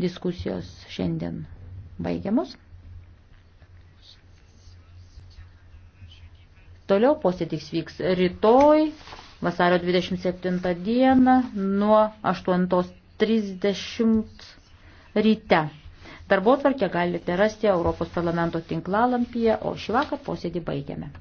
Diskusijos šiandien baigiamos. Toliau posėdis vyks rytoj, vasario 27 dieną, nuo 8.30 ryte. Darbo tvarkę galite rasti Europos parlamento tinklalampyje, o šį vakar posėdį baigiame.